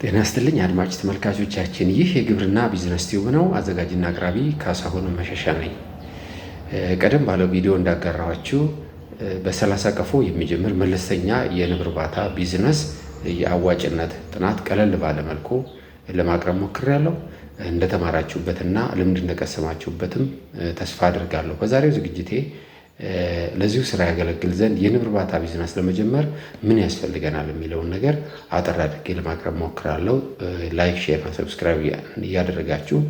ጤና ይስጥልኝ አድማጭ ተመልካቾቻችን፣ ይህ የግብርና ቢዝነስ ቲዩብ ነው። አዘጋጅና አቅራቢ ካሳሁን መሸሻ ነኝ። ቀደም ባለው ቪዲዮ እንዳጋራኋችሁ በሰላሳ ቀፎ የሚጀምር መለስተኛ የንብ እርባታ ቢዝነስ የአዋጭነት ጥናት ቀለል ባለ መልኩ ለማቅረብ ሞክሬያለሁ። እንደተማራችሁበትና ልምድ እንደቀሰማችሁበትም ተስፋ አድርጋለሁ። በዛሬው ዝግጅቴ ለዚሁ ስራ ያገለግል ዘንድ የንብ እርባታ ቢዝነስ ለመጀመር ምን ያስፈልገናል የሚለውን ነገር አጠር አድርጌ ለማቅረብ ሞክራለሁ። ላይክ፣ ሼር ሰብስክራይብ እያደረጋችሁ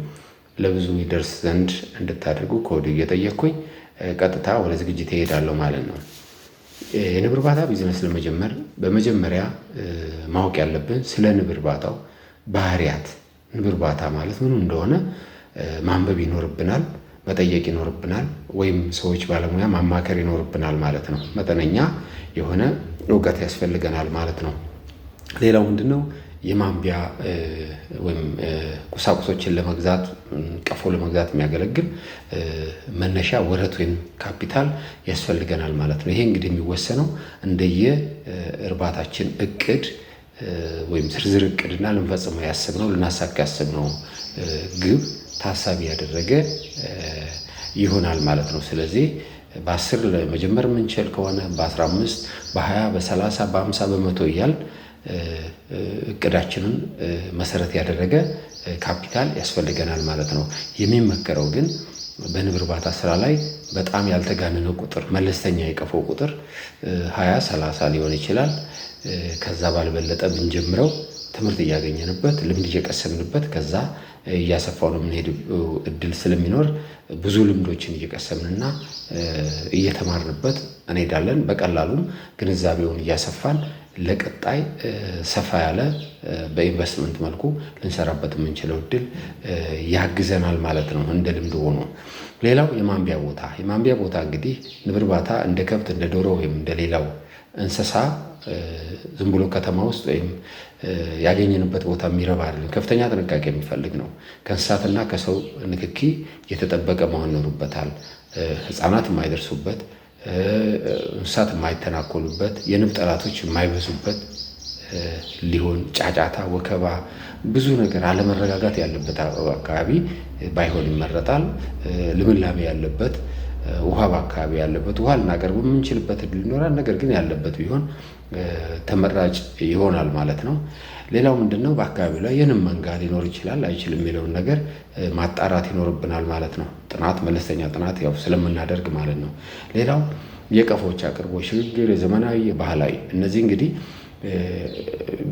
ለብዙ ይደርስ ዘንድ እንድታደርጉ ከወዲሁ እየጠየቅኩኝ ቀጥታ ወደ ዝግጅት እሄዳለሁ ማለት ነው። የንብ እርባታ ቢዝነስ ለመጀመር በመጀመሪያ ማወቅ ያለብን ስለ ንብ እርባታው ባህሪያት፣ ንብ እርባታ ማለት ምኑ እንደሆነ ማንበብ ይኖርብናል፣ መጠየቅ ይኖርብናል። ወይም ሰዎች ባለሙያ ማማከር ይኖርብናል ማለት ነው። መጠነኛ የሆነ እውቀት ያስፈልገናል ማለት ነው። ሌላው ምንድን ነው? የማንቢያ ወይም ቁሳቁሶችን ለመግዛት ቀፎ ለመግዛት የሚያገለግል መነሻ ወረት ወይም ካፒታል ያስፈልገናል ማለት ነው። ይሄ እንግዲህ የሚወሰነው እንደየ እርባታችን እቅድ ወይም ዝርዝር እቅድና ልንፈጽመው ያስብነው ልናሳካ ያስብነው ግብ ታሳቢ ያደረገ ይሆናል ማለት ነው። ስለዚህ በአስር መጀመር የምንችል ከሆነ በአስራ አምስት በሀያ በሰላሳ በአምሳ በመቶ እያል እቅዳችንን መሰረት ያደረገ ካፒታል ያስፈልገናል ማለት ነው። የሚመከረው ግን በንብ እርባታ ስራ ላይ በጣም ያልተጋነነ ቁጥር መለስተኛ የቀፎ ቁጥር ሀያ ሰላሳ ሊሆን ይችላል። ከዛ ባልበለጠ ብንጀምረው ትምህርት እያገኘንበት ልምድ እየቀሰምንበት ከዛ እያሰፋው ነው የምንሄድ እድል ስለሚኖር ብዙ ልምዶችን እየቀሰምንና እየተማርንበት እንሄዳለን። በቀላሉም ግንዛቤውን እያሰፋን ለቀጣይ ሰፋ ያለ በኢንቨስትመንት መልኩ ልንሰራበት የምንችለው እድል ያግዘናል ማለት ነው። እንደ ልምድ ሆኖ ሌላው የማንቢያ ቦታ የማንቢያ ቦታ እንግዲህ ንብ እርባታ እንደ ከብት እንደ ዶሮ ወይም እንደ ሌላው እንስሳ ዝም ብሎ ከተማ ውስጥ ወይም ያገኘንበት ቦታ የሚረባ አይደለም። ከፍተኛ ጥንቃቄ የሚፈልግ ነው። ከእንስሳትና ከሰው ንክኪ የተጠበቀ መሆን ይኖርበታል። ህፃናት የማይደርሱበት እንስሳት የማይተናኮሉበት፣ የንብ ጠላቶች የማይበዙበት ሊሆን ጫጫታ፣ ወከባ፣ ብዙ ነገር አለመረጋጋት ያለበት አካባቢ ባይሆን ይመረጣል። ልምላሜ ያለበት ውሃ በአካባቢ ያለበት ውሃ ልናቀርብ የምንችልበት እድል ይኖራል። ነገር ግን ያለበት ቢሆን ተመራጭ ይሆናል ማለት ነው። ሌላው ምንድነው በአካባቢው ላይ የንብ መንጋ ሊኖር ይችላል አይችልም የሚለውን ነገር ማጣራት ይኖርብናል ማለት ነው። ጥናት፣ መለስተኛ ጥናት ያው ስለምናደርግ ማለት ነው። ሌላው የቀፎች አቅርቦ ሽግግር፣ የዘመናዊ ባህላዊ፣ እነዚህ እንግዲህ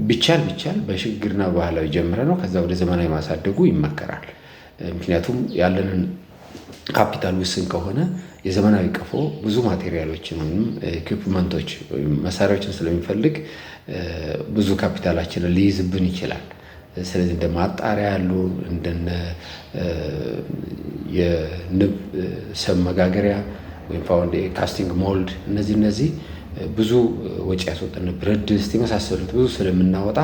ቢቻል ቢቻል በሽግግርና ባህላዊ ጀምረ ነው ከዛ ወደ ዘመናዊ ማሳደጉ ይመከራል። ምክንያቱም ያለንን ካፒታል ውስን ከሆነ የዘመናዊ ቀፎ ብዙ ማቴሪያሎችን ወይም ኢኩፕመንቶች ወይም መሳሪያዎችን ስለሚፈልግ ብዙ ካፒታላችንን ሊይዝብን ይችላል። ስለዚህ እንደ ማጣሪያ ያሉ እንደነ የንብ ሰብ መጋገሪያ ወይም ካስቲንግ ሞልድ እነዚህ እነዚህ ብዙ ወጪ ያስወጣን ብረት ድስት የመሳሰሉት ብዙ ስለምናወጣ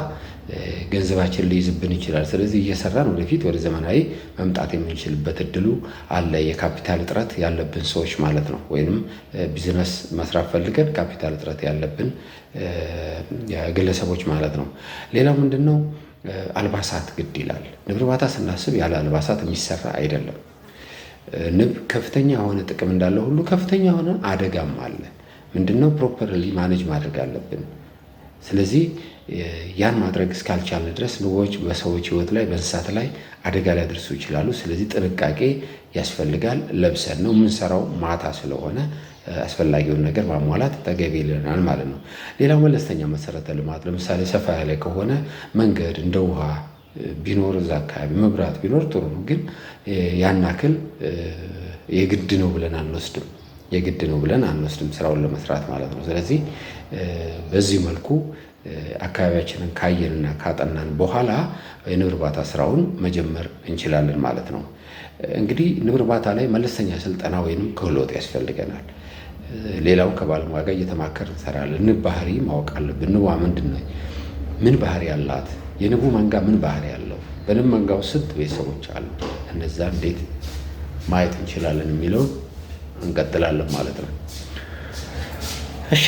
ገንዘባችን ሊይዝብን ይችላል። ስለዚህ እየሰራን ወደፊት ወደ ዘመናዊ መምጣት የምንችልበት እድሉ አለ። የካፒታል እጥረት ያለብን ሰዎች ማለት ነው። ወይም ቢዝነስ መስራት ፈልገን ካፒታል እጥረት ያለብን ግለሰቦች ማለት ነው። ሌላው ምንድን ነው? አልባሳት ግድ ይላል። ንብ እርባታ ስናስብ ያለ አልባሳት የሚሰራ አይደለም። ንብ ከፍተኛ የሆነ ጥቅም እንዳለ ሁሉ ከፍተኛ የሆነ አደጋም አለ። ምንድነው ፕሮፐርሊ ማኔጅ ማድረግ አለብን። ስለዚህ ያን ማድረግ እስካልቻለ ድረስ ንቦች በሰዎች ህይወት ላይ በእንስሳት ላይ አደጋ ሊያደርሱ ይችላሉ። ስለዚህ ጥንቃቄ ያስፈልጋል። ለብሰን ነው የምንሰራው ማታ ስለሆነ አስፈላጊውን ነገር ማሟላት ተገቢ ይለናል ማለት ነው። ሌላው መለስተኛ መሰረተ ልማት ለምሳሌ ሰፋ ያለ ከሆነ መንገድ እንደ ውሃ ቢኖር እዛ አካባቢ መብራት ቢኖር ጥሩ ነው፣ ግን ያን አክል የግድ ነው ብለን አንወስድም። የግድ ነው ብለን አንወስድም ስራውን ለመስራት ማለት ነው። ስለዚህ በዚህ መልኩ አካባቢያችንን ካየንና ካጠናን በኋላ የንብ እርባታ ስራውን መጀመር እንችላለን ማለት ነው። እንግዲህ ንብ እርባታ ላይ መለስተኛ ስልጠና ወይንም ክህሎት ያስፈልገናል። ሌላው ከባለሙያ ጋር እየተማከር እንሰራለን። ንብ ባህሪ ማወቅ አለብን። ንቧ ምንድን ነው? ምን ባህሪ ያላት? የንቡ መንጋ ምን ባህሪ ያለው? በንብ መንጋው ውስጥ ስንት ቤተሰቦች አሉ? እነዛ እንዴት ማየት እንችላለን የሚለውን እንቀጥላለን ማለት ነው። እሺ